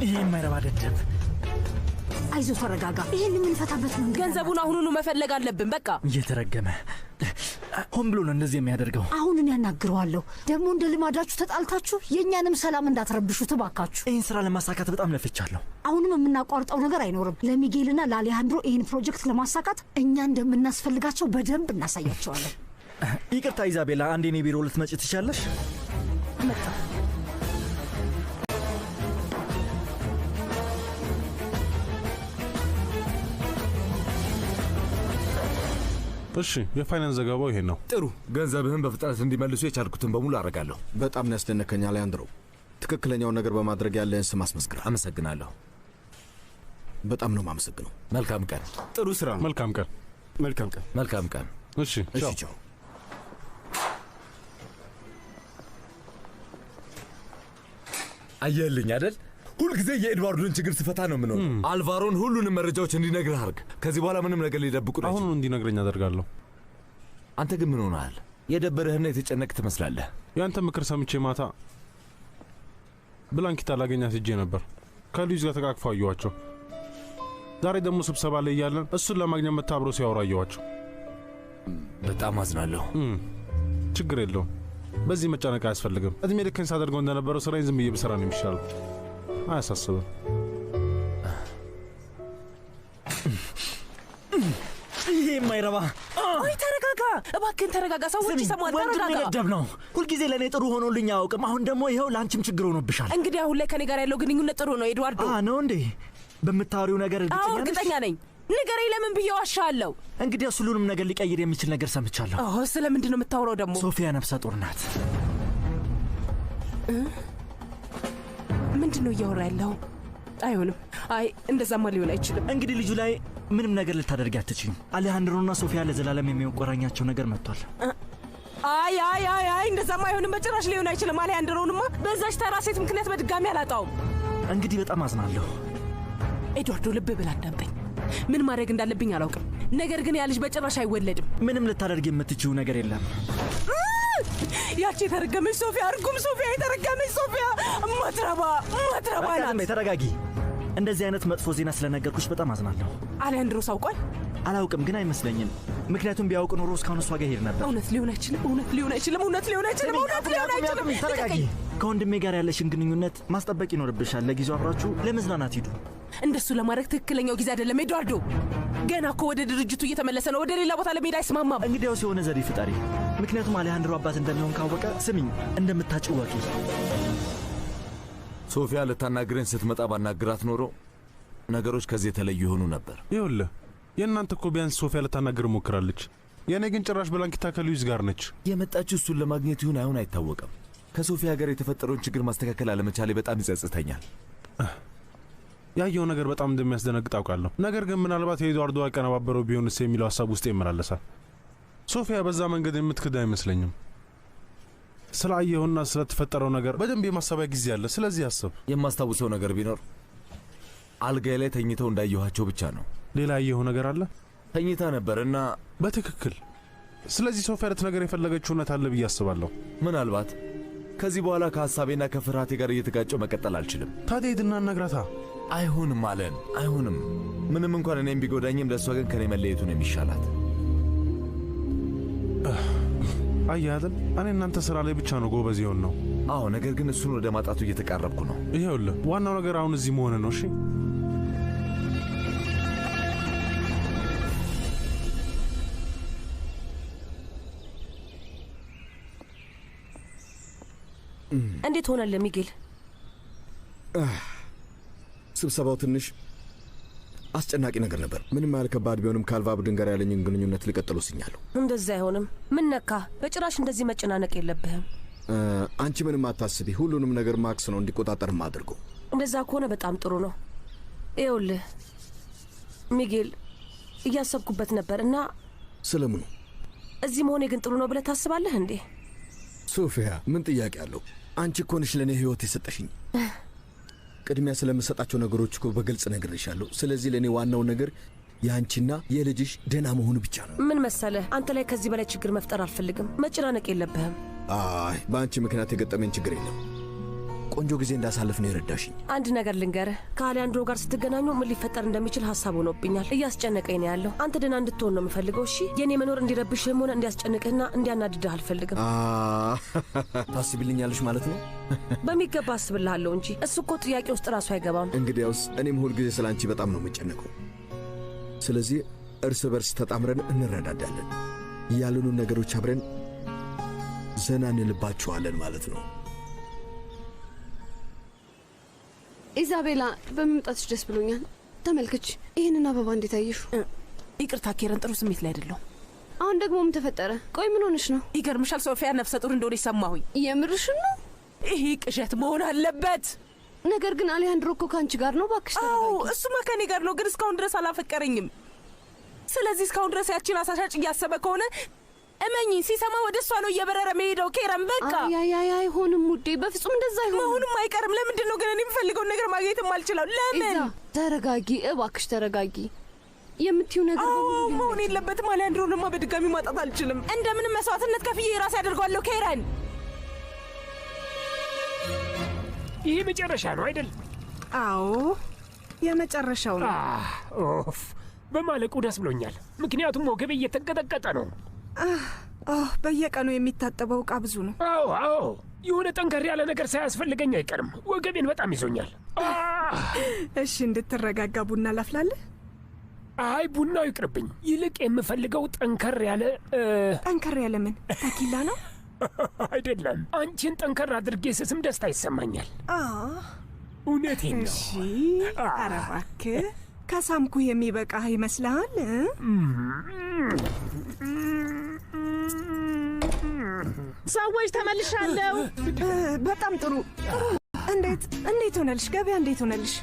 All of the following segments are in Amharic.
ይሄ የማይረባ ደደብ። አይዞ ተረጋጋ። ይህን የምንፈታበት መንገድ ገንዘቡን አሁኑኑ መፈለግ አለብን። በቃ እየተረገመ ሆን ብሎ ነው እንደዚህ የሚያደርገው። እኔ ያናግረዋለሁ። ደግሞ እንደ ልማዳችሁ ተጣልታችሁ የእኛንም ሰላም እንዳትረብሹ ትባካችሁ። ይህን ስራ ለማሳካት በጣም ለፍቻለሁ። አሁንም የምናቋርጠው ነገር አይኖርም። ለሚጌልና ለአሌሃንድሮ ይህን ፕሮጀክት ለማሳካት እኛ እንደምናስፈልጋቸው በደንብ እናሳያቸዋለን። ይቅርታ ኢዛቤላ፣ አንዴ እኔ ቢሮ ልትመጪ ትቻለሽ? እሺ፣ የፋይናንስ ዘገባው ይሄን ነው። ጥሩ። ገንዘብህን በፍጥነት እንዲመልሱ የቻልኩትን በሙሉ አደርጋለሁ። በጣም ያስደነከኛ ያስደነከኛል አንድሮ። ትክክለኛውን ነገር በማድረግ ያለህን ስም አስመስክር። አመሰግናለሁ። በጣም ነው የማመሰግነው። መልካም ቀን። ጥሩ ስራ ነው። መልካም ቀን። መልካም ቀን። መልካም ቀን። እሺ፣ እሺ፣ ቻው። አየህልኝ አይደል? ሁልጊዜ የኤድዋርዶን ችግር ስፈታ ነው የምኖር። አልቫሮን ሁሉንም መረጃዎች እንዲነግርህ አርግ። ከዚህ በኋላ ምንም ነገር ሊደብቁ ነው። አሁኑ እንዲነግረኝ አደርጋለሁ። አንተ ግን ምን ሆነሃል? የደበረህና የተጨነቅ ትመስላለህ። የአንተ ምክር ሰምቼ ማታ ብላንኪታ ላገኛት ሄጄ ነበር። ከልጅ ጋር ተቃቅፈው አየኋቸው። ዛሬ ደግሞ ስብሰባ ላይ እያለን እሱን ለማግኘት መታ አብሮ ሲያወሩ አየኋቸው። በጣም አዝናለሁ። ችግር የለውም። በዚህ መጨነቅ አያስፈልግም። እድሜ ልክን ሳደርገው እንደነበረው ስራዬን ዝም ብዬ ብሰራ ነው የሚሻለው። አያሳስብም። ah, ይሄ የማይረባ ወይ ተረጋጋ፣ እባክህን ተረጋጋ። ሰዎች ይሰማል። ገደብ ነው። ሁልጊዜ ለእኔ ጥሩ ሆኖልኝ አያውቅም። አሁን ደግሞ ይኸው ለአንቺም ችግር ሆኖብሻል። እንግዲህ አሁን ላይ ከኔ ጋር ያለው ግንኙነት ጥሩ ነው ኤድዋርዶ። ነው እንዴ? በምታወሪው ነገር እርግጠኛ ነኝ። ንገረኝ፣ ለምን ብዬ ዋሻለሁ? እንግዲህ ሁሉንም ነገር ሊቀይር የሚችል ነገር ሰምቻለሁ። ስለምንድን ነው የምታውረው ደግሞ? ሶፊያ ነፍሰ ጡር ናት። ምንድን ነው እያወራ ያለው? አይሆንም። አይ እንደዛማ ሊሆን አይችልም። እንግዲህ ልጁ ላይ ምንም ነገር ልታደርግ አትችልም አሌሃንድሮና ሶፊያ ለዘላለም የሚያቆራኛቸው ነገር መጥቷል። አይ አይ አይ አይ እንደዛማ አይሆንም። በጭራሽ ሊሆን አይችልም። አሌሃንድሮንማ በዛች ተራ ሴት ምክንያት በድጋሚ አላጣውም። እንግዲህ በጣም አዝናለሁ ኤድዋርዶ። ልብ ብል አዳምጠኝ። ምን ማድረግ እንዳለብኝ አላውቅም፣ ነገር ግን ያ ልጅ በጭራሽ አይወለድም። ምንም ልታደርግ የምትችው ነገር የለም። ያቺ የተረገመች ሶፊያ፣ እርጉም ሶፊያ፣ የተረገመች ሶፊያ ማትረባ ማትረባ ናት። ተረጋጊ። እንደዚህ አይነት መጥፎ ዜና ስለነገርኩሽ በጣም አዝናለሁ። አሊያንድሮስ አውቋል? አላውቅም፣ ግን አይመስለኝም። ምክንያቱም ቢያውቅ ኖሮ እስካሁን እሷ ጋር ሄድ ነበር። እውነት ሊሆን አይችልም። እውነት ሊሆን አይችልም። እውነት ሊሆን አይችልም። እውነት ሊሆን አይችልም። ተረጋጊ ከወንድሜ ጋር ያለሽን ግንኙነት ማስጠበቅ ይኖርብሻል። ለጊዜው አብራችሁ ለመዝናናት ሂዱ። እንደሱ ለማድረግ ትክክለኛው ጊዜ አይደለም ኤድዋርዶ። ገና እኮ ወደ ድርጅቱ እየተመለሰ ነው። ወደ ሌላ ቦታ ለመሄድ አይስማማም። እንግዲያውስ የሆነ ዘዴ ፍጠሪ። ምክንያቱም አሊያንድሮ አባት እንደሚሆን ካወቀ፣ ስሚኝ፣ እንደምታጭወቂ ሶፊያ ልታናግረኝ ስትመጣ ባናግራት ኖሮ ነገሮች ከዚህ የተለዩ ይሆኑ ነበር። ይኸውልህ የእናንተ እኮ ቢያንስ ሶፊያ ልታናግር ሞክራለች። የእኔ ግን ጭራሽ በላንኪታ ከልዩዝ ጋር ነች። የመጣችው እሱን ለማግኘት ይሁን አይሁን አይታወቅም። ከሶፊያ ጋር የተፈጠረውን ችግር ማስተካከል አለመቻሌ በጣም ይጸጽተኛል። ያየው ነገር በጣም እንደሚያስደነግጥ አውቃለሁ። ነገር ግን ምናልባት የኤድዋርዶ ያቀነባበረው ቢሆንስ የሚለው ሀሳብ ውስጥ ይመላለሳል። ሶፊያ በዛ መንገድ የምትክድ አይመስለኝም። ስለ አየሁና ስለተፈጠረው ነገር በደንብ የማሰቢያ ጊዜ አለ። ስለዚህ አስብ። የማስታውሰው ነገር ቢኖር አልጋይ ላይ ተኝተው እንዳየኋቸው ብቻ ነው። ሌላ ያየሁ ነገር አለ? ተኝታ ነበር እና በትክክል ስለዚህ ሶፊያ ልትነገር የፈለገችው እውነት አለ ብዬ አስባለሁ። ምናልባት ከዚህ በኋላ ከሐሳቤና ከፍርሃቴ ጋር እየተጋጨው መቀጠል አልችልም። ታዲያ ሂድና አናግራታ። አለን። አይሁንም ምንም እንኳን እኔም ቢጎዳኝም ለእሷ ግን ከኔ መለየቱ ነው የሚሻላት። አየህ አይደል እኔ እናንተ ስራ ላይ ብቻ ነው ጎበዝ የሆን ነው። አዎ፣ ነገር ግን እሱን ወደ ማጣቱ እየተቃረብኩ ነው። ይኸውልህ ዋናው ነገር አሁን እዚህ መሆን ነው። እሺ እንዴት ሆነልህ ሚጌል? ስብሰባው ትንሽ አስጨናቂ ነገር ነበር። ምንም ያህል ከባድ ቢሆንም ከአልቫ ቡድን ጋር ያለኝን ግንኙነት ልቀጥል ወስኛለሁ። እንደዚህ አይሆንም። ምን ነካ? በጭራሽ እንደዚህ መጨናነቅ የለብህም። አንቺ ምንም አታስቢ። ሁሉንም ነገር ማክስ ነው እንዲቆጣጠርም አድርገው። እንደዛ ከሆነ በጣም ጥሩ ነው። ይኸውልህ ሚጌል፣ እያሰብኩበት ነበር እና ስለምኑ እዚህ መሆኔ ግን ጥሩ ነው ብለህ ታስባለህ እንዴ? ሶፊያ፣ ምን ጥያቄ አለው? አንቺ እኮ ነሽ ለእኔ ህይወት የሰጠሽኝ። ቅድሚያ ስለምሰጣቸው ነገሮች እኮ በግልጽ ነግሬሻለሁ። ስለዚህ ለእኔ ዋናው ነገር የአንቺና የልጅሽ ደህና መሆኑ ብቻ ነው። ምን መሰለህ፣ አንተ ላይ ከዚህ በላይ ችግር መፍጠር አልፈልግም። መጨናነቅ የለብህም። አይ፣ በአንቺ ምክንያት የገጠመኝ ችግር የለም። ቆንጆ ጊዜ እንዳሳልፍ ነው የረዳሽኝ። አንድ ነገር ልንገርህ፣ ከአሊያንድሮ ጋር ስትገናኙ ምን ሊፈጠር እንደሚችል ሀሳብ ሆኖብኛል። እያስጨነቀኝ ነው ያለው። አንተ ደህና እንድትሆን ነው የምፈልገው። እሺ፣ የእኔ መኖር እንዲረብሽህም ሆነ እንዲያስጨንቅህና እንዲያናድድህ አልፈልግም። ታስብልኛለሽ ማለት ነው? በሚገባ አስብልሃለሁ እንጂ እሱ እኮ ጥያቄ ውስጥ ራሱ አይገባም። እንግዲያውስ እኔም ሁልጊዜ ስለ አንቺ በጣም ነው የምጨነቀው። ስለዚህ እርስ በርስ ተጣምረን እንረዳዳለን። ያሉንን ነገሮች አብረን ዘና እንልባችኋለን ማለት ነው። ኢዛቤላ በመምጣትሽ ደስ ብሎኛል። ተመልከች፣ ይህንን አበባ እንዴት አየሹ? ይቅርታ ኬረን፣ ጥሩ ስሜት ላይ አይደለሁም። አሁን ደግሞ ምን ተፈጠረ? ቆይ ምን ሆንሽ ነው? ይገርምሻል፣ ሶፊያ ነፍሰ ጡር እንደሆነ ይሰማሁ የምርሽ ነው? ይህ ቅዠት መሆን አለበት። ነገር ግን አሌያንድሮ እኮ ከአንቺ ጋር ነው። ባክሽ አዎ፣ እሱማ ከኔ ጋር ነው፣ ግን እስካሁን ድረስ አላፈቀረኝም። ስለዚህ እስካሁን ድረስ ያችን አሳሻጭ እያሰበ ከሆነ እመኝ ሲሰማ ወደ እሷ ነው እየበረረ መሄደው። ኬረም በቃ አያያያ አይሆንም ውዴ፣ በፍጹም እንደዛ አይሆንም። መሆኑም አይቀርም። ለምንድን ነው ግን እኔ የምፈልገውን ነገር ማግኘትም አልችለው? ለምን? ተረጋጊ እባክሽ ተረጋጊ። የምትዩ ነገር መሆን የለበትም። አሊያንድሮንማ በድጋሚ ማጣት አልችልም። እንደምንም መስዋዕትነት ከፍዬ ራሴ አደርገዋለሁ። ኬረን፣ ይህ መጨረሻ ነው አይደል? አዎ የመጨረሻው ነው። ኦፍ በማለቁ ደስ ብሎኛል፣ ምክንያቱም ወገቤ እየተንቀጠቀጠ ነው። በየቀኑ የሚታጠበው እቃ ብዙ ነው። አዎ አዎ፣ የሆነ ጠንከር ያለ ነገር ሳያስፈልገኝ አይቀርም። ወገቤን በጣም ይዞኛል። እሺ፣ እንድትረጋጋ ቡና ላፍላለህ? አይ ቡናው ይቅርብኝ። ይልቅ የምፈልገው ጠንከር ያለ ጠንከር ያለ ምን? ተኪላ ነው አይደለም። አንቺን ጠንከር አድርጌ ስስም ደስታ ይሰማኛል። እውነቴ ነው። ኧረ እባክህ ከሳምኩ የሚበቃ ይመስልሃል? ሰዎች ተመልሻለሁ። በጣም ጥሩ። እንዴት እንዴት ሆነልሽ? ገበያ እንዴት ሆነልሽ?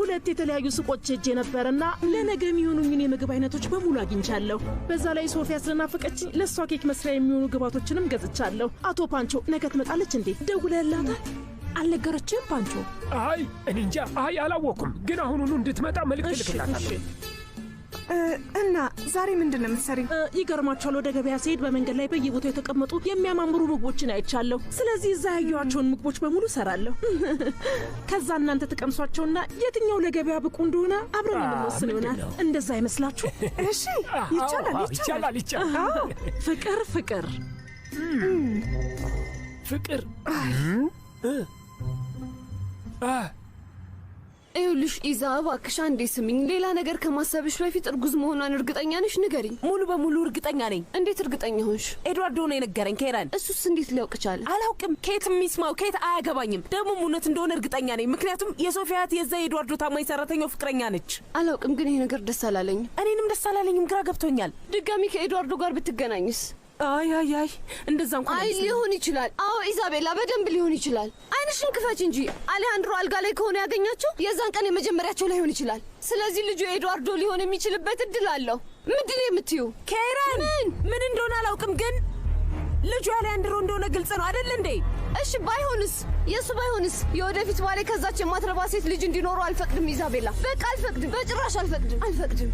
ሁለት የተለያዩ ሱቆች ሄጄ ነበርና ለነገ የሚሆኑኝን የምግብ አይነቶች በሙሉ አግኝቻለሁ። በዛ ላይ ሶፊያ ስለናፈቀችኝ ለእሷ ኬክ መስሪያ የሚሆኑ ግባቶችንም ገዝቻለሁ። አቶ ፓንቾ ነገ ትመጣለች እንዴ? ደውለህላታል? አልነገረችም? ፓንቾ? አይ እኔ እንጃ። አይ አላወኩም፣ ግን አሁኑኑ እንድትመጣ መልክት ልክላታለሁ። እና ዛሬ ምንድን ነው የምትሰሪ? ይገርማችኋል፣ ወደ ገበያ ሲሄድ በመንገድ ላይ በየቦታው የተቀመጡ የሚያማምሩ ምግቦችን አይቻለሁ። ስለዚህ እዛ ያየኋቸውን ምግቦች በሙሉ እሰራለሁ። ከዛ እናንተ ትቀምሷቸውና የትኛው ለገበያ ብቁ እንደሆነ አብረን የምንወስን ይሆናል። እንደዛ አይመስላችሁ? እሺ፣ ይቻላል፣ ይቻላል። ፍቅር ፍቅር ፍቅር ይኸውልሽ ኢዛ እባክሽ አንዴ ስሚኝ። ሌላ ነገር ከማሰብሽ በፊት እርጉዝ መሆኗን እርግጠኛ ነሽ? ንገሪኝ። ሙሉ በሙሉ እርግጠኛ ነኝ። እንዴት እርግጠኛ ሆንሽ? ኤድዋርዶ ነው የነገረኝ። ኬራን፣ እሱስ እንዴት ሊያውቅ ቻለ? አላውቅም። ኬት የሚስማው ኬት አያገባኝም። ደግሞ እውነት እንደሆነ እርግጠኛ ነኝ፣ ምክንያቱም የሶፊያት የዛ የኤድዋርዶ ታማኝ ሰራተኛው ፍቅረኛ ነች። አላውቅም፣ ግን ይሄ ነገር ደስ አላለኝም። እኔንም ደስ አላለኝም። ግራ ገብቶኛል። ድጋሚ ከኤድዋርዶ ጋር ብትገናኝስ? አይ አይ አይ እንደዛ እንኳን አይ ሊሆን ይችላል። አዎ ኢዛቤላ በደንብ ሊሆን ይችላል። አይንሽን ክፈች እንጂ አሌሃንድሮ አልጋ ላይ ከሆነ ያገኛቸው የዛን ቀን የመጀመሪያቸው ላይሆን ይችላል። ስለዚህ ልጁ ኤድዋርዶ ሊሆን የሚችልበት እድል አለው። ምንድን የምትዩ ኬራን? ምን ምን እንደሆነ አላውቅም፣ ግን ልጁ አሌሃንድሮ እንደሆነ ግልጽ ነው አይደል እንዴ? እሺ ባይሆንስ? የእሱ ባይሆንስ? የወደፊት ባሌ ከዛች የማትረባ ሴት ልጅ እንዲኖረው አልፈቅድም። ኢዛቤላ በቃ አልፈቅድም፣ በጭራሽ አልፈቅድም፣ አልፈቅድም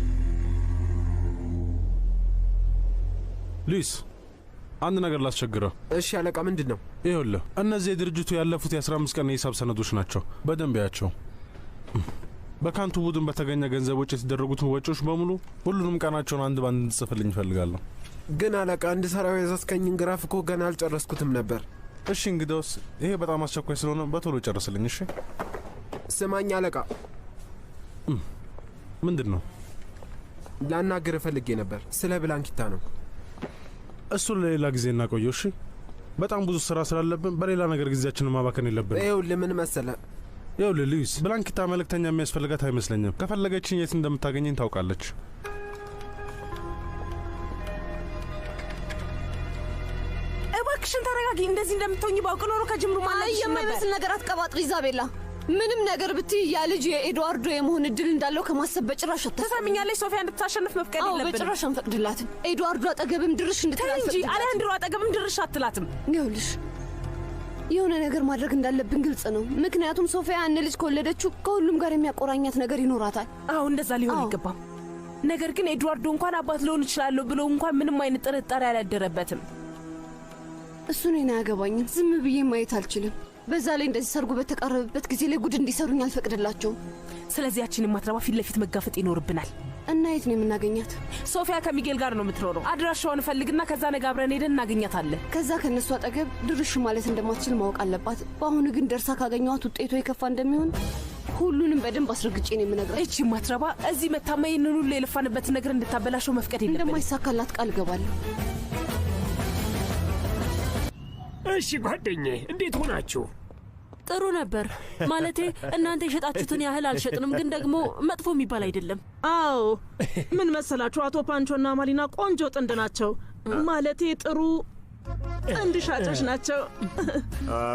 ሉዊስ አንድ ነገር ላስቸግረው። እሺ አለቃ፣ ምንድን ነው? ይኸውልህ እነዚህ የድርጅቱ ያለፉት የ አምስት ቀን የሂሳብ ሰነዶች ናቸው። በደንብ ያቸው። በካንቱ ቡድን በተገኘ ገንዘብ ወጪ የተደረጉትን ወጪዎች በሙሉ ሁሉንም ቀናቸውን አንድ ባንድ እንድጽፍልኝ ይፈልጋለሁ። ግን አለቃ፣ እንድሰራው ያዘዝከኝን ግራፍ እኮ ገና አልጨረስኩትም ነበር። እሺ እንግዲያውስ ይሄ በጣም አስቸኳይ ስለሆነ በቶሎ ጨርስልኝ። እሺ ስማኝ አለቃ። ምንድን ነው? ላናግር እፈልጌ ነበር። ስለ ብላንኪታ ነው እሱን ለሌላ ጊዜ እናቆየው። እሺ፣ በጣም ብዙ ስራ ስላለብን በሌላ ነገር ጊዜያችንን ማባከን የለብን። ይኸውልህ ምን መሰለ ይኸውልህ ሉዊስ፣ ብላንኪታ መልእክተኛ የሚያስፈልጋት አይመስለኝም። ከፈለገችን የት እንደምታገኘኝ ታውቃለች። እባክሽን ተረጋጊ። እንደዚህ እንደምትሆኝ ባውቅ ኖሮ ከጅምሩ ማለት የማይመስል ነገር አትቀባጥሪ ኢዛቤላ። ምንም ነገር ብትይ ያ ልጅ የኤድዋርዶ የመሆን እድል እንዳለው ከማሰብ በጭራሽ አታ ተሰምኛለች። ሶፊያ እንድታሸንፍ መፍቀድ የለብንም። በጭራሽ አንፈቅድላትም። ኤድዋርዶ አጠገብም ድርሽ እንድትላት እንጂ አሊያንድሮ አጠገብም ድርሽ አትላትም። ይኸውልሽ የሆነ ነገር ማድረግ እንዳለብን ግልጽ ነው። ምክንያቱም ሶፊያ ያን ልጅ ከወለደችው ከሁሉም ጋር የሚያቆራኛት ነገር ይኖራታል። አዎ እንደዛ ሊሆን አይገባም። ነገር ግን ኤድዋርዶ እንኳን አባት ልሆን እችላለሁ ብሎ እንኳን ምንም አይነት ጥርጣሬ አላደረበትም። እሱን ያገባኝም ዝም ብዬ ማየት አልችልም። በዛ ላይ እንደዚህ ሰርጉ በተቃረበበት ጊዜ ላይ ጉድ እንዲሰሩኝ አልፈቅድላቸውም። ስለዚህ ያችን የማትረባ ፊት ለፊት መጋፈጥ ይኖርብናል። እና የት ነው የምናገኛት? ሶፊያ ከሚጌል ጋር ነው የምትኖረው። አድራሻውን እፈልግና ከዛ ነገ አብረን ሄደን እናገኛታለን። ከዛ ከእነሱ አጠገብ ድርሽ ማለት እንደማትችል ማወቅ አለባት። በአሁኑ ግን ደርሳ ካገኘዋት ውጤቷ የከፋ እንደሚሆን ሁሉንም በደንብ አስረግጬ ነው የምነግረ እቺ ማትረባ እዚህ መታማ ይህንን ሁሉ የለፋንበትን ነገር እንድታበላሸው መፍቀድ የለብንም። እንደማይሳካላት ቃል እገባለሁ። እሺ ጓደኛዬ፣ እንዴት ሆናችሁ? ጥሩ ነበር። ማለቴ እናንተ የሸጣችሁትን ያህል አልሸጥንም፣ ግን ደግሞ መጥፎ የሚባል አይደለም። አዎ፣ ምን መሰላችሁ፣ አቶ ፓንቾና ማሊና ቆንጆ ጥንድ ናቸው። ማለቴ ጥሩ አንድ ሻጮች ናቸው።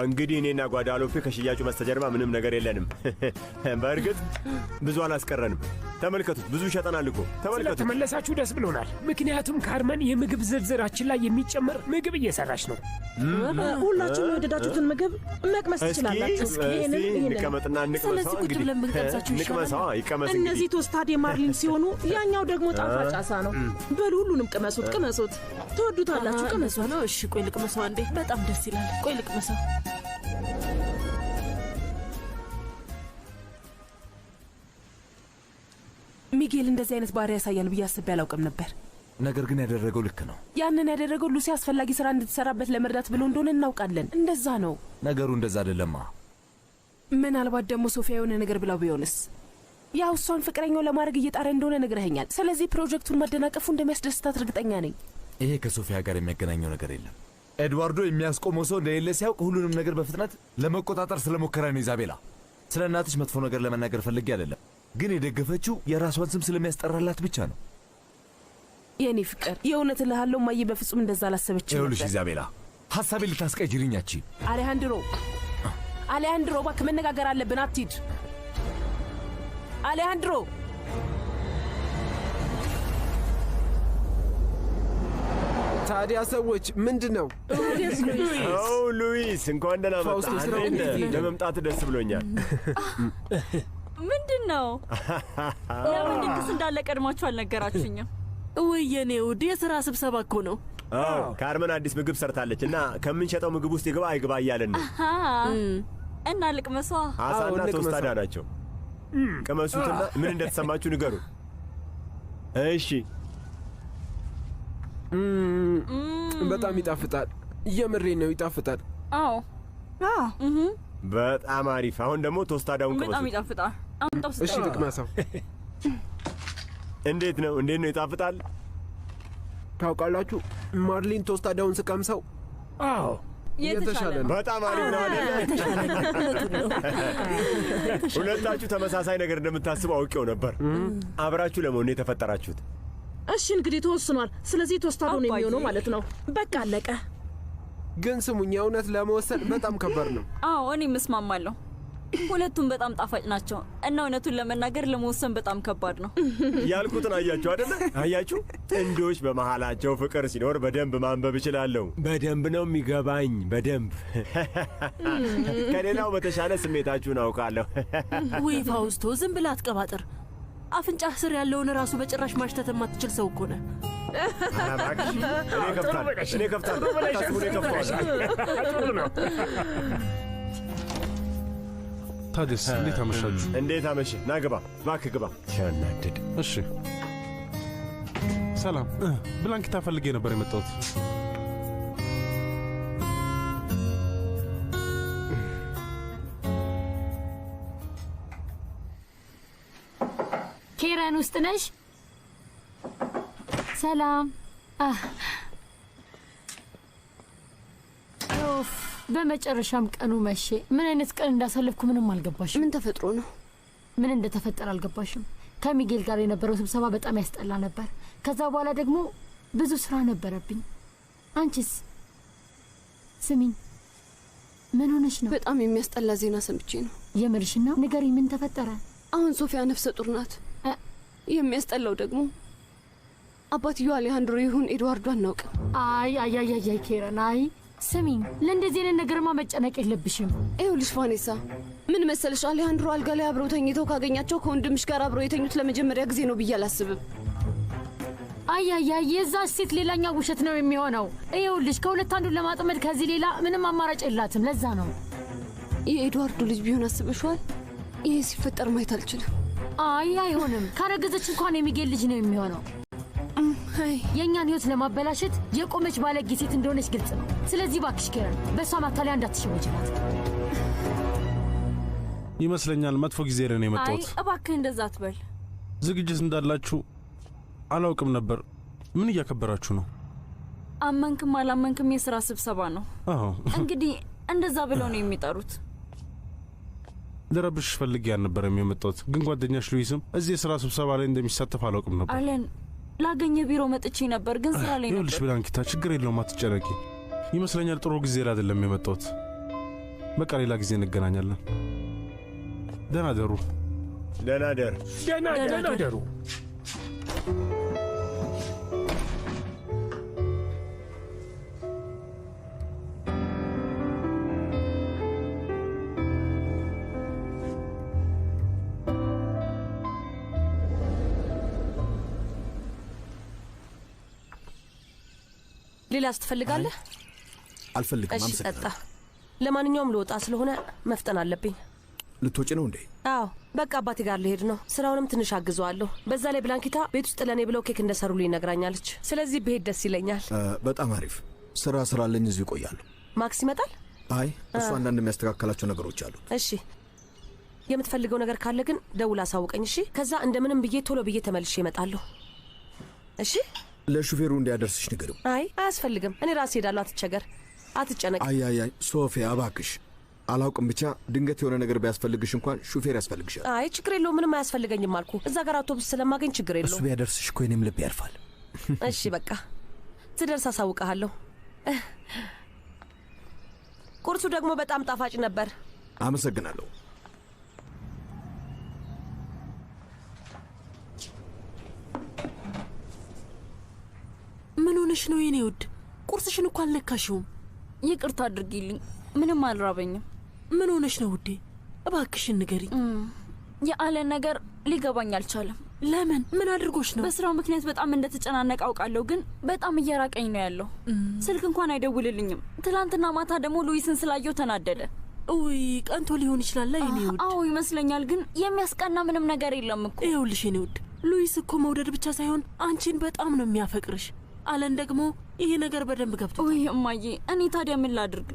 እንግዲህ እኔና ጓዳሎፌ ከሽያጩ በስተጀርባ ምንም ነገር የለንም። በእርግጥ ብዙ አላስቀረንም። ተመልከቱት፣ ብዙ ሸጠናል እኮ ተመልከቱ። ስለተመለሳችሁ ደስ ብሎናል። ምክንያቱም ካርመን የምግብ ዝርዝራችን ላይ የሚጨመር ምግብ እየሰራች ነው። ሁላችሁም የወደዳችሁትን ምግብ መቅመስ ትችላላችሁ። እንቀመጥና እንቅመሰዋ። እንቅመሰዋ እነዚህ ቶስታድ የማርሊን ሲሆኑ ያኛው ደግሞ ጣፋጭ አሳ ነው። በሉ ሁሉንም ቅመሱት፣ ቅመሱት፣ ትወዱታላችሁ። ቅመሱ ነው። እሺ ቆይ ልቅመሰው አንዴ። በጣም ደስ ይላል። ቆይ ልቅመሰው። ሚጌል እንደዚህ አይነት ባህር ያሳያል ብዬ አስቤ አላውቅም ነበር። ነገር ግን ያደረገው ልክ ነው። ያንን ያደረገው ሉሲ አስፈላጊ ስራ እንድትሰራበት ለመርዳት ብሎ እንደሆነ እናውቃለን። እንደዛ ነው ነገሩ። እንደዛ አይደለማ። ምናልባት ደግሞ ሶፊያ የሆነ ነገር ብላው ቢሆንስ? ያው እሷን ፍቅረኛው ለማድረግ እየጣረ እንደሆነ ነግረኸኛል። ስለዚህ ፕሮጀክቱን ማደናቀፉ እንደሚያስደስታት እርግጠኛ ነኝ። ይሄ ከሶፊያ ጋር የሚያገናኘው ነገር የለም። ኤድዋርዶ የሚያስቆመው ሰው እንደሌለ ሲያውቅ ሁሉንም ነገር በፍጥነት ለመቆጣጠር ስለሞከረ ነው። ኢዛቤላ፣ ስለ እናትሽ መጥፎ ነገር ለመናገር ፈልጌ አይደለም፣ ግን የደገፈችው የራሷን ስም ስለሚያስጠራላት ብቻ ነው። የእኔ ፍቅር፣ የእውነት እልሃለሁ ማየ በፍጹም እንደዛ አላሰበችም። ይኸውልሽ ኢዛቤላ፣ ሀሳቤ ልታስቀይሪኝ አሌሃንድሮ፣ አሌሃንድሮ እባክህ መነጋገር አለብን። አትሂድ አሌሃንድሮ ታዲያ ሰዎች ምንድን ነው? ሉዊስ እንኳን ደህና መጣ። ለመምጣት ደስ ብሎኛል። ምንድን ነው? ለምን ድግስ እንዳለ ቀድማችሁ አልነገራችሁኝም? ወይ የኔ ውድ የሥራ ስብሰባ እኮ ነው። ካርመን አዲስ ምግብ ሰርታለች እና ከምንሸጠው ምግብ ውስጥ ይግባ አይግባ እያለን ነው። እና ልቅመሷ። አሳና ቶስታዳ ናቸው። ቅመሱትና ምን እንደተሰማችሁ ንገሩ። እሺ በጣም ይጣፍጣል። እየምሬ ነው ይጣፍጣል። አዎ በጣም አሪፍ። አሁን ደግሞ ቶስታዳውን ዳውን በጣም ይጣፍጣል። እሺ ልቅመሰው። እንዴት ነው እንዴት ነው ይጣፍጣል? ታውቃላችሁ ማርሊን ቶስታዳውን ስቀምሰው፣ አዎ የተሻለ ነው። በጣም አሪፍ ነው አይደል? ሁለታችሁ ተመሳሳይ ነገር እንደምታስቡ አውቄው ነበር። አብራችሁ ለመሆን የተፈጠራችሁት እሺ እንግዲህ ተወስኗል። ስለዚህ ተወስታሉ ነው የሚሆነው ማለት ነው። በቃ አለቀ። ግን ስሙኝ፣ እውነት ለመወሰን በጣም ከባድ ነው። አዎ እኔም እስማማለሁ። ሁለቱም በጣም ጣፋጭ ናቸው እና እውነቱን ለመናገር ለመወሰን በጣም ከባድ ነው። ያልኩትን አያችሁ አደለ? አያችሁ፣ ጥንዶች በመሃላቸው ፍቅር ሲኖር በደንብ ማንበብ እችላለሁ። በደንብ ነው የሚገባኝ። በደንብ ከሌላው በተሻለ ስሜታችሁን አውቃለሁ። ውይ ፋውስቶ፣ ዝም ብላ አትቀባጥር። አፍንጫ ስር ያለውን ራሱ በጭራሽ ማሽተት የማትችል ሰው እኮ ነ ታዲስ እንዴት አመሻችሁ? እንዴት አመሸ? ና ግባ፣ እባክህ ግባ። ያናድድ። እሺ፣ ሰላም። ብላንኪታ ፈልጌ ነበር የመጣሁት መካን ውስጥ ነሽ? ሰላም። ኦፍ በመጨረሻም ቀኑ መቼ ምን አይነት ቀን እንዳሳለፍኩ ምንም አልገባሽም። ምን ተፈጥሮ ነው? ምን እንደተፈጠረ አልገባሽም። ከሚጌል ጋር የነበረው ስብሰባ በጣም ያስጠላ ነበር። ከዛ በኋላ ደግሞ ብዙ ስራ ነበረብኝ። አንቺስ? ስሚኝ፣ ምን ሆነሽ ነው? በጣም የሚያስጠላ ዜና ሰምቼ ነው። የምርሽ ነው? ንገሪ፣ ምን ተፈጠረ? አሁን ሶፊያ ነፍሰ ጡር ናት። የሚያስጠላው ደግሞ አባትዮ አሌሃንድሮ ይሁን ኤድዋርዶ አናውቅም። አይ አይ አይ አይ ኬረን፣ አይ ስሚኝ፣ ለእንደዚህ አይነት ነገርማ መጨነቅ የለብሽም። ይኸውልሽ ቫኔሳ፣ ምን መሰለሽ፣ አሌሃንድሮ አልጋ ላይ አብረው ተኝተው ካገኛቸው ከወንድምሽ ጋር አብረው የተኙት ለመጀመሪያ ጊዜ ነው ብዬ አላስብም። አይ አይ አይ የዛ ሴት ሌላኛ ውሸት ነው የሚሆነው። ይኸውልሽ፣ ከሁለት አንዱን ለማጥመድ ከዚህ ሌላ ምንም አማራጭ የላትም። ለዛ ነው የኤድዋርዶ ልጅ ቢሆን አስበሽዋል። ይሄ ሲፈጠር ማየት አልችልም። አይ አይሆንም። ካረገዘች እንኳን የሚጌል ልጅ ነው የሚሆነው። የእኛን ህይወት ለማበላሸት የቆመች ባለጌ ሴት እንደሆነች ግልጽ ነው። ስለዚህ እባክሽ ኬረን በእሷ ማታለያ እንዳትሸወጅላት። ይመስለኛል መጥፎ ጊዜ ነው የመጣሁት። እባክህ እንደዛ አትበል። ዝግጅት እንዳላችሁ አላውቅም ነበር። ምን እያከበራችሁ ነው? አመንክም አላመንክም የስራ ስብሰባ ነው። እንግዲህ እንደዛ ብለው ነው የሚጠሩት። ልረብሽ ፈልጌ አልነበረም የመጣሁት፣ ግን ጓደኛሽ ሉዊስም እዚህ የሥራ ስብሰባ ላይ እንደሚሳተፍ አላውቅም ነበር። አለን ላገኘ ቢሮ መጥቼ ነበር፣ ግን ሥራ ላይ ነበር። ይኸውልሽ ብላንኪታ፣ ችግር የለውም አትጨነቂ። ይመስለኛል ጥሩ ጊዜ ላይ አይደለም የመጣሁት። በቃ ሌላ ጊዜ እንገናኛለን። ደህና ደሩ። ደህና ደር። ደህና ደሩ። ሌላስ ትፈልጋለህ? አልፈልግም። አመሰግናለሁ። ለማንኛውም ልወጣ ስለሆነ መፍጠን አለብኝ። ልትወጪ ነው እንዴ? አዎ፣ በቃ አባቴ ጋር ልሄድ ነው። ስራውንም ትንሽ አግዘዋለሁ። በዛ ላይ ብላንኪታ ቤት ውስጥ ለእኔ ብለው ኬክ እንደሰሩልኝ ነግራኛለች። ስለዚህ ብሄድ ደስ ይለኛል። በጣም አሪፍ። ስራ ስራለኝ፣ እዚሁ ይቆያሉ። ማክስ ይመጣል? አይ፣ እሱ አንዳንድ የሚያስተካከላቸው ነገሮች አሉ። እሺ የምትፈልገው ነገር ካለ ግን ደውል አሳውቀኝ። እሺ። ከዛ እንደምንም ብዬ ቶሎ ብዬ ተመልሼ እመጣለሁ። እሺ። ለሹፌሩ እንዲያደርስሽ ንገሩ። አይ አያስፈልግም፣ እኔ ራሴ ሄዳለሁ። አትቸገር፣ አትጨነቅ። አያያይ ሶፊያ እባክሽ አላውቅም። ብቻ ድንገት የሆነ ነገር ቢያስፈልግሽ እንኳን ሹፌር ያስፈልግሻል። አይ ችግር የለው፣ ምንም አያስፈልገኝም አልኩ። እዛ ጋር አውቶቡስ ስለማገኝ ችግር የለው። እሱ ቢያደርስሽ እኮ እኔም ልብ ያርፋል። እሺ በቃ ትደርስ አሳውቀሃለሁ። ቁርሱ ደግሞ በጣም ጣፋጭ ነበር። አመሰግናለሁ። ምን ሆነሽ ነው የኔ ውድ? ቁርስሽን እኮ አልነካሽውም። ይቅርታ አድርጊልኝ፣ ምንም አልራበኝም። ምን ሆነሽ ነው ውዴ? እባክሽን ንገሪ። የአለን ነገር ሊገባኝ አልቻለም። ለምን? ምን አድርጎሽ ነው? በስራው ምክንያት በጣም እንደተጨናነቀ አውቃለሁ፣ ግን በጣም እየራቀኝ ነው ያለው። ስልክ እንኳን አይደውልልኝም። ትናንትና ማታ ደግሞ ሉዊስን ስላየው ተናደደ። ውይ ቀንቶ ሊሆን ይችላል የኔ ውድ። አዎ ይመስለኛል፣ ግን የሚያስቀና ምንም ነገር የለም እኮ። ይኸውልሽ የኔ ውድ፣ ሉዊስ እኮ መውደድ ብቻ ሳይሆን አንቺን በጣም ነው የሚያፈቅርሽ። አለን ደግሞ ይሄ ነገር በደንብ ገብቶ ወይ እማዬ፣ እኔ ታዲያ ምን ላድርግ?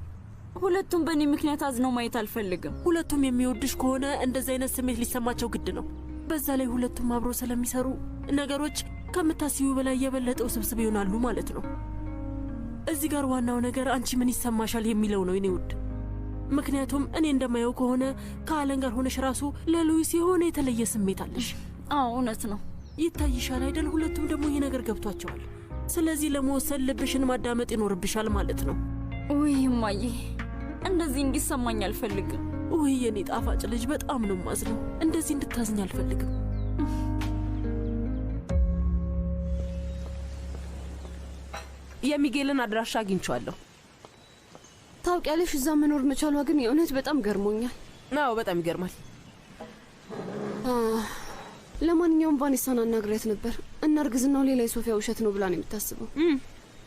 ሁለቱም በእኔ ምክንያት አዝነው ማየት አልፈልግም። ሁለቱም የሚወድሽ ከሆነ እንደዚ አይነት ስሜት ሊሰማቸው ግድ ነው። በዛ ላይ ሁለቱም አብሮ ስለሚሰሩ ነገሮች ከምታስዩ በላይ የበለጠ ውስብስብ ይሆናሉ ማለት ነው። እዚህ ጋር ዋናው ነገር አንቺ ምን ይሰማሻል የሚለው ነው የኔ ውድ። ምክንያቱም እኔ እንደማየው ከሆነ ከአለን ጋር ሆነሽ ራሱ ለሉዊስ የሆነ የተለየ ስሜት አለሽ። አዎ እውነት ነው። ይታይሻል አይደል? ሁለቱም ደግሞ ይህ ነገር ገብቷቸዋል። ስለዚህ ለመወሰን ልብሽን ማዳመጥ ይኖርብሻል ማለት ነው። ውይ እማዬ፣ እንደዚህ እንዲሰማኝ አልፈልግም። ውይ የኔ ጣፋጭ ልጅ፣ በጣም ነው ማዝነው እንደዚህ እንድታዝኝ አልፈልግም። የሚጌልን አድራሻ አግኝቼዋለሁ። ታውቂያለሽ፣ እዛ መኖር መቻሏ ግን የእውነት በጣም ገርሞኛል። አዎ በጣም ይገርማል። ለማንኛውም ቫኔሳን አናግሪያት ነበር እና እርግዝናው ሌላ የሶፊያ ውሸት ነው ብላ ነው የምታስበው።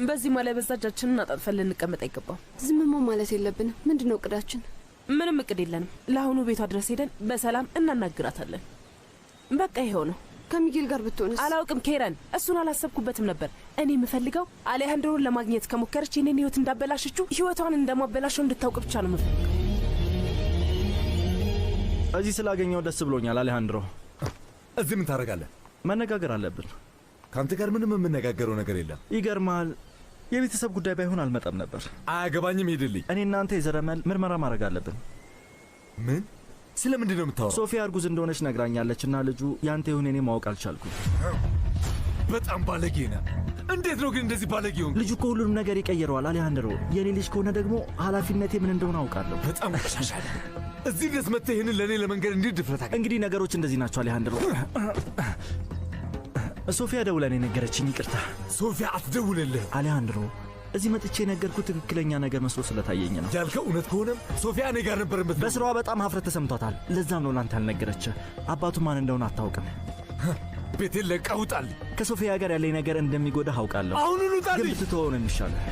በዚህ ማለ በዛ እጃችን አጣጥፈን ልንቀመጥ አይገባም። ዝምሞ ማለት የለብንም። ምንድን ነው እቅዳችን? ምንም እቅድ የለንም። ለአሁኑ ቤቷ ድረስ ሄደን በሰላም እናናግራታለን። በቃ ይኸው ነው። ከሚጌል ጋር ብትሆንስ? አላውቅም ኬረን፣ እሱን አላሰብኩበትም ነበር። እኔ የምፈልገው አሌሃንድሮን ለማግኘት ከሞከረች የኔን ህይወት እንዳበላሸችው ህይወቷን እንደማበላሸው እንድታውቅ ብቻ ነው የምፈልገው። እዚህ ስላገኘው ደስ ብሎኛል አሌሃንድሮ። እዚህ ምን ታደርጋለህ? መነጋገር አለብን። ከአንተ ጋር ምንም የምነጋገረው ነገር የለም። ይገርማል። የቤተሰብ ጉዳይ ባይሆን አልመጣም ነበር። አያገባኝም፣ ሄድልኝ እኔ እናንተ የዘረመል ምርመራ ማድረግ አለብን። ምን? ስለምንድን ነው የምታወራው? ሶፊያ እርጉዝ እንደሆነች ነግራኛለች እና ልጁ ያንተ ይሁን እኔ ማወቅ አልቻልኩም። በጣም ባለጌ ነ እንዴት ነው ግን እንደዚህ ባለጌ ሆንክ? ልጁ እኮ ሁሉንም ነገር ይቀይረዋል። አሊያንድሮ የኔ ልጅ ከሆነ ደግሞ ኃላፊነቴ ምን እንደሆነ አውቃለሁ። በጣም ተሻሻለ። እዚህ ድረስ መጥተህ ይህንን ለእኔ ለመንገድ እንዴት ድፍረት አገኘህ? እንግዲህ ነገሮች እንደዚህ ናቸው አሊያንድሮ። ሶፊያ ደውላ ነው የነገረችኝ። ይቅርታ ሶፊያ አትደውልልህ አሊያንድሮ። እዚህ መጥቼ የነገርኩ ትክክለኛ ነገር መስሎ ስለታየኝ ነው። ያልከው እውነት ከሆነም ሶፊያ እኔ ጋር ነበር። በስራዋ በጣም ሀፍረት ተሰምቷታል። ለዛም ነው ላንተ ያልነገረችህ። አባቱ ማን እንደሆነ አታውቅም። ቤቴን ለቀህ ውጣልኝ። ከሶፊያ ጋር ያለኝ ነገር እንደሚጎዳህ አውቃለሁ። አሁኑን ውጣልኝ። ግን ብትተወውን እንሻለን።